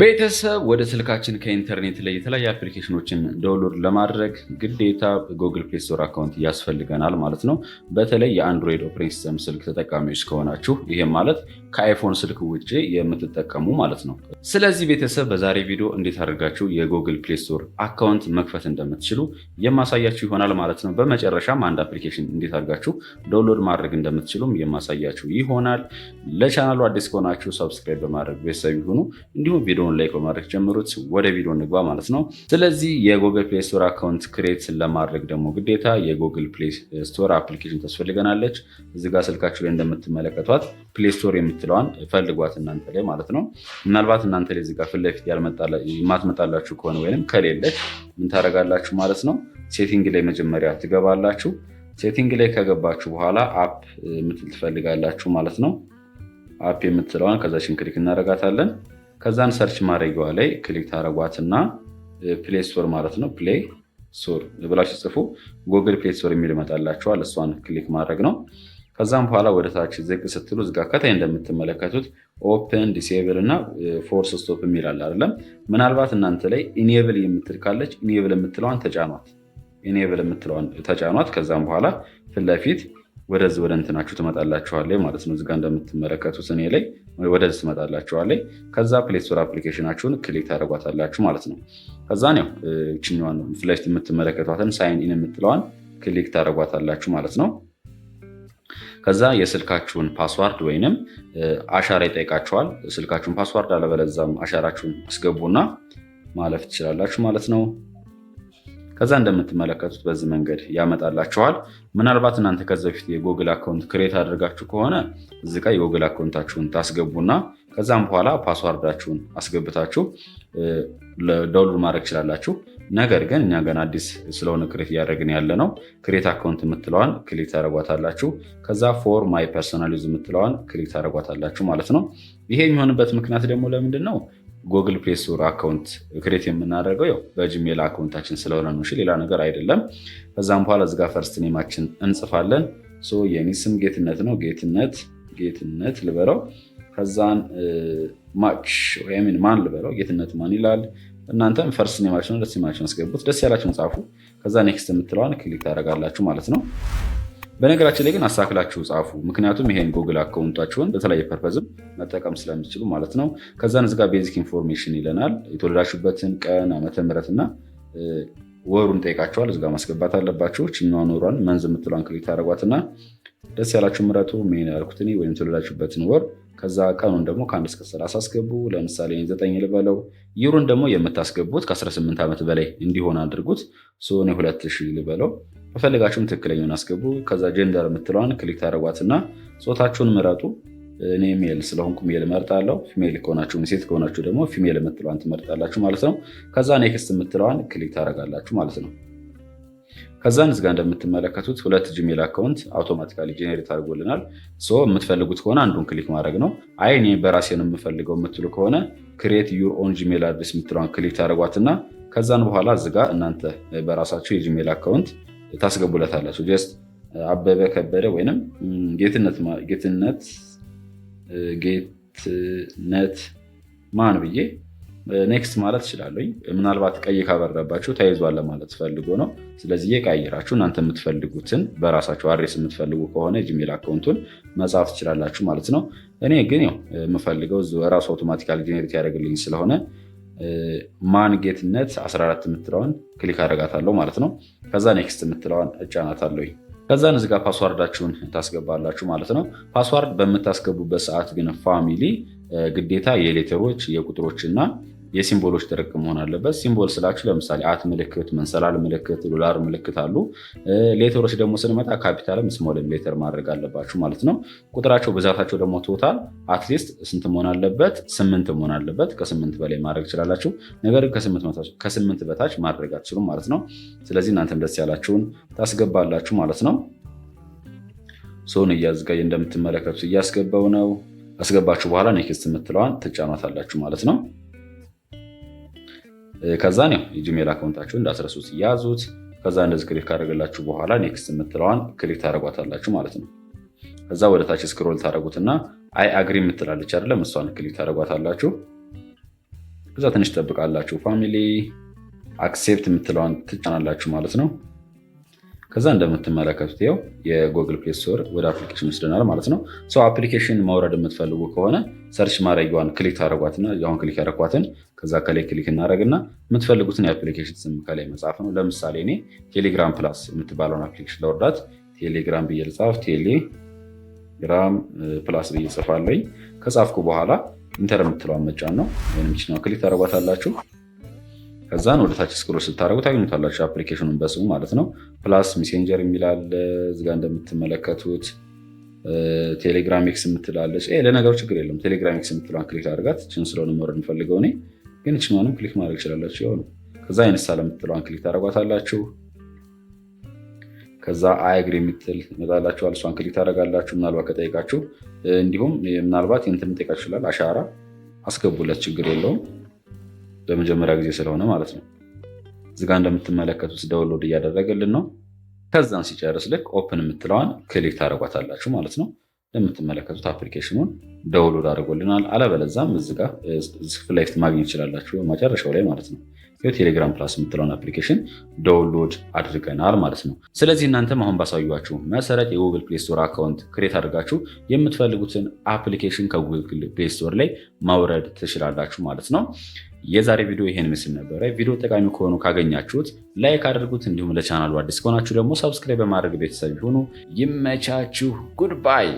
ቤተሰብ ወደ ስልካችን ከኢንተርኔት ላይ የተለያዩ አፕሊኬሽኖችን ዳውንሎድ ለማድረግ ግዴታ ጉግል ፕሌይ ስቶር አካውንት ያስፈልገናል ማለት ነው። በተለይ የአንድሮይድ ኦፕሬቲንግ ሲስተም ስልክ ተጠቃሚዎች ከሆናችሁ ይህም ማለት ከአይፎን ስልክ ውጭ የምትጠቀሙ ማለት ነው። ስለዚህ ቤተሰብ በዛሬ ቪዲዮ እንዴት አድርጋችሁ የጉግል ፕሌይ ስቶር አካውንት መክፈት እንደምትችሉ የማሳያችሁ ይሆናል ማለት ነው። በመጨረሻም አንድ አፕሊኬሽን እንዴት አድርጋችሁ ዳውንሎድ ማድረግ እንደምትችሉም የማሳያችሁ ይሆናል። ለቻናሉ አዲስ ከሆናችሁ ሰብስክራይብ በማድረግ ቤተሰብ ይሁኑ። እንዲሁም ቪዲዮውን ላይክ በማድረግ ጀምሩት። ወደ ቪዲዮ እንግባ ማለት ነው። ስለዚህ የጉግል ፕሌይ ስቶር አካውንት ክሬት ለማድረግ ደግሞ ግዴታ የጉግል ፕሌይ ስቶር አፕሊኬሽን ታስፈልገናለች። እዚጋ ስልካችሁ ላይ እንደምትመለከቷት ፕሌይ ስቶር የምትለዋን ፈልጓት እናንተ ላይ ማለት ነው። ምናልባት እናንተ ላይ ዚጋ ፊት ለፊት የማትመጣላችሁ ከሆነ ወይም ከሌለች ምን ታደርጋላችሁ ማለት ነው? ሴቲንግ ላይ መጀመሪያ ትገባላችሁ። ሴቲንግ ላይ ከገባችሁ በኋላ አፕ የምትል ትፈልጋላችሁ ማለት ነው። አፕ የምትለዋን ከዛችን ክሊክ እናደርጋታለን። ከዛን ሰርች ማድረጊዋ ላይ ክሊክ ታደርጓትና ፕሌይ ስቶር ማለት ነው ፕሌይ ስቶር ብላችሁ ጽፉ። ጉግል ፕሌይ ስቶር የሚል ይመጣላችኋል። እሷን ክሊክ ማድረግ ነው። ከዛም በኋላ ወደ ታች ዝቅ ስትሉ እዚጋ ከታይ እንደምትመለከቱት ኦፕን ዲስብል እና ፎርስ ስቶፕ የሚላል አይደለም። ምናልባት እናንተ ላይ ኢኔብል የምትል ካለች ኢኔብል የምትለዋን ተጫኗት። ኢኔብል የምትለዋን ተጫኗት። ከዛም በኋላ ፊት ለፊት ወደዚህ ወደ እንትናችሁ ትመጣላችኋለች ማለት ነው። እዚጋ እንደምትመለከቱት እኔ ላይ ወደዚህ ትመጣላችኋለች። ከዛ ፕሌስቶር አፕሊኬሽናችሁን ክሊክ ታደርጓታላችሁ ማለት ነው። ከዛ ነው ችኛዋን ፊት ለፊት የምትመለከቷትን ሳይን ኢን የምትለዋን ክሊክ ታደርጓታላችሁ ማለት ነው። ከዛ የስልካችሁን ፓስዋርድ ወይንም አሻራ ይጠይቃችኋል። ስልካችሁን ፓስዋርድ አለበለዛም አሻራችሁን አስገቡና ማለፍ ትችላላችሁ ማለት ነው። ከዛ እንደምትመለከቱት በዚህ መንገድ ያመጣላችኋል። ምናልባት እናንተ ከዚ በፊት የጎግል አካውንት ክሬት አድርጋችሁ ከሆነ እዚህ ጋር የጎግል አካውንታችሁን ታስገቡና ከዛም በኋላ ፓስዋርዳችሁን አስገብታችሁ ዳውንሎድ ማድረግ ይችላላችሁ። ነገር ግን እኛ ገና አዲስ ስለሆነ ክሬት እያደረግን ያለ ነው። ክሬት አካውንት የምትለዋን ክሊክ ታደረጓታላችሁ። ከዛ ፎር ማይ ፐርሶናሊዝ የምትለዋን ክሊክ ታደረጓታላችሁ ማለት ነው። ይሄ የሚሆንበት ምክንያት ደግሞ ለምንድን ነው? ጉግል ፕሌይ ስቶር አካውንት ክሬት የምናደርገው ያው በጂሜል አካውንታችን ስለሆነ ነው እንጂ ሌላ ነገር አይደለም። ከዛም በኋላ እዚጋ ፈርስት ኔማችን እንጽፋለን። የኔ ስም ጌትነት ነው። ጌትነት ጌትነት ልበለው ከዛን ማች ወይም ማን ልበለው ጌትነት ማን ይላል። እናንተም ፈርስ የማችሁን ደስ የማችሁን አስገቡት። ደስ ያላችሁን ጻፉ። ከዛ ኔክስት የምትለዋን ክሊክ ታደርጋላችሁ ማለት ነው። በነገራችን ላይ ግን አሳክላችሁ ጻፉ። ምክንያቱም ይሄን ጉግል አካውንታችሁን በተለያየ ፐርፐዝም መጠቀም ስለሚችሉ ማለት ነው። ከዛን እዚጋ ቤዚክ ኢንፎርሜሽን ይለናል። የተወለዳችሁበትን ቀን፣ ዓመተ ምሕረት እና ወሩን ጠይቃችኋል። እዚጋ ማስገባት አለባችሁ። ችኛ ኖሯን መንዝ የምትለዋን ክሊክ ታደርጓትና ደስ ያላችሁ ምረቱ ሜን ያልኩት እኔ ወይም ትወለዳችሁበትን ወር ከዛ ቀኑን ደግሞ ከአንድ እስከ ሰላሳ አስገቡ። ለምሳሌ ዘጠኝ ልበለው። ይሩን ደግሞ የምታስገቡት ከ18 ዓመት በላይ እንዲሆን አድርጉት። ሶኔ ሁለት ሺህ ልበለው። በፈልጋችሁም ትክክለኛውን አስገቡ። ከዛ ጀንደር የምትለዋን ክሊክ ታደረጓትና ጾታችሁን ምረጡ። እኔ ሜል ስለሆንኩ ሜል እመርጣለሁ። ፊሜል ከሆናችሁ ሴት ከሆናችሁ ደግሞ ፊሜል የምትለዋን ትመርጣላችሁ ማለት ነው። ከዛ ኔክስት የምትለዋን ክሊክ ታደረጋላችሁ ማለት ነው። ከዛን እዚህ እንደምትመለከቱት ሁለት ጂሜል አካውንት አውቶማቲካሊ ጄኔሬት አድርጎልናል። የምትፈልጉት ከሆነ አንዱን ክሊክ ማድረግ ነው። አይ እኔ በራሴ ነው የምፈልገው የምትሉ ከሆነ ክሬት ዩር ኦን ጂሜል አድሬስ የምትለዋን ክሊክ ታደረጓትና ከዛን በኋላ ዝጋ እናንተ በራሳችሁ የጂሜል አካውንት ታስገቡለታላችሁ። ጀስት አበበ ከበደ ወይንም ጌትነት ጌትነት ጌትነት ማን ብዬ ኔክስት ማለት እችላለሁኝ። ምናልባት ቀይ ካበረባችሁ ተያይዟል ለማለት ፈልጎ ነው። ስለዚህ የቀይራችሁ እናንተ የምትፈልጉትን በራሳችሁ አድሬስ የምትፈልጉ ከሆነ ጂሜል አካውንቱን መጻፍ ትችላላችሁ ማለት ነው። እኔ ግን ያው የምፈልገው ራሱ አውቶማቲካል ጄኔሬት ያደርግልኝ ስለሆነ ማንጌትነት 14 የምትለዋን ክሊክ አደርጋታለሁ ማለት ነው። ከዛ ኔክስት የምትለዋን እጫናታለሁኝ። ከዛን እዚህ ጋር ፓስዋርዳችሁን ታስገባላችሁ ማለት ነው። ፓስዋርድ በምታስገቡበት ሰዓት ግን ፋሚሊ ግዴታ የሌተሮች የቁጥሮች እና የሲምቦሎች ጥርቅ መሆን አለበት። ሲምቦል ስላችሁ ለምሳሌ አት ምልክት፣ መንሰላል ምልክት፣ ዶላር ምልክት አሉ። ሌተሮች ደግሞ ስንመጣ ካፒታልም ስሞልም ሌተር ማድረግ አለባችሁ ማለት ነው። ቁጥራቸው ብዛታቸው ደግሞ ቶታል አትሊስት ስንት መሆን አለበት? ስምንት መሆን አለበት። ከስምንት በላይ ማድረግ ይችላላችሁ። ነገር ግን ከስምንት በታች ማድረግ አትችሉም ማለት ነው። ስለዚህ እናንተም ደስ ያላችሁን ታስገባላችሁ ማለት ነው። ሰውን እያዝጋይ እንደምትመለከቱት እያስገባው ነው። አስገባችሁ በኋላ ኔክስት የምትለዋን ትጫኗታላችሁ ማለት ነው። ከዛ ነው የጂሜል አካውንታችሁን እንዳስረሱት ያዙት። ከዛ እንደዚህ ክሊክ ካደረገላችሁ በኋላ ኔክስት የምትለዋን ክሊክ ታደረጓታላችሁ ማለት ነው። ከዛ ወደ ታች ስክሮል ታደረጉትና አይ አግሪ የምትላለች አይደለም፣ እሷን ክሊክ ታደረጓታላችሁ። ከዛ ትንሽ ትጠብቃላችሁ። ፋሚሊ አክሴፕት የምትለዋን ትጫናላችሁ ማለት ነው። ከዛ እንደምትመለከቱት ያው የጎግል ፕሌይ ስቶር ወደ አፕሊኬሽን ወስደናል ማለት ነው። ሰው አፕሊኬሽን ማውረድ የምትፈልጉ ከሆነ ሰርች ማድረጊዋን ክሊክ ታደረጓትና አሁን ክሊክ ያደረኳትን ከዛ ከላይ ክሊክ እናደረግና የምትፈልጉትን የአፕሊኬሽን ስም ከላይ መጻፍ ነው። ለምሳሌ እኔ ቴሌግራም ፕላስ የምትባለውን አፕሊኬሽን ለወርዳት ቴሌግራም ብዬ ልጻፍ። ቴሌግራም ፕላስ ብዬ ጽፋለኝ። ከጻፍኩ በኋላ ኢንተር የምትለዋን መጫን ነው። ወይም ክሊክ ታደረጓታላችሁ ከዛን ወደ ታች ስክሮል ስታደረጉ ታገኙታላችሁ አፕሊኬሽኑን በስሙ ማለት ነው። ፕላስ ሜሴንጀር የሚላል እዚጋ እንደምትመለከቱት ቴሌግራም ኤክስ የምትላለች። ለነገሩ ችግር የለም። ቴሌግራም ኤክስ የምትለን ክሊክ አድርጋት። ችን ስለሆነ መረድ እንፈልገው እኔ ግን ችማንም ክሊክ ማድረግ ይችላላችሁ። የሆኑ ከዛ አይነሳ ለምትለዋን ክሊክ ታደረጓታላችሁ። ከዛ አይግሪ የምትል ይመጣላችኋል። እሷን ክሊክ ታደረጋላችሁ። ምናልባት ከጠይቃችሁ እንዲሁም ምናልባት ይንትን ጠይቃችሁ ይችላል። አሻራ አስገቡለት፣ ችግር የለውም። ለመጀመሪያ ጊዜ ስለሆነ ማለት ነው። እዚጋ እንደምትመለከቱት ደውንሎድ እያደረገልን ነው። ከዛን ሲጨርስ ልክ ኦፕን የምትለዋን ክሊክ ታደርጓታላችሁ ማለት ነው። እንደምትመለከቱት አፕሊኬሽኑን ዳውንሎድ አድርጎልናል። አለበለዛም እዚጋ ፊት ለፊት ማግኘት ይችላላችሁ መጨረሻው ላይ ማለት ነው። የቴሌግራም ፕላስ የምትለውን አፕሊኬሽን ዳውንሎድ አድርገናል ማለት ነው። ስለዚህ እናንተም አሁን ባሳዩችሁ መሰረት የጉግል ፕሌይ ስቶር አካውንት ክሬት አድርጋችሁ የምትፈልጉትን አፕሊኬሽን ከጉግል ፕሌይ ስቶር ላይ ማውረድ ትችላላችሁ ማለት ነው። የዛሬ ቪዲዮ ይሄን ምስል ነበረ። ቪዲዮ ጠቃሚ ከሆኑ ካገኛችሁት ላይክ አድርጉት። እንዲሁም ለቻናሉ አዲስ ከሆናችሁ ደግሞ ሰብስክራይብ በማድረግ ቤተሰብ ሆኑ። ይመቻችሁ። ጉድባይ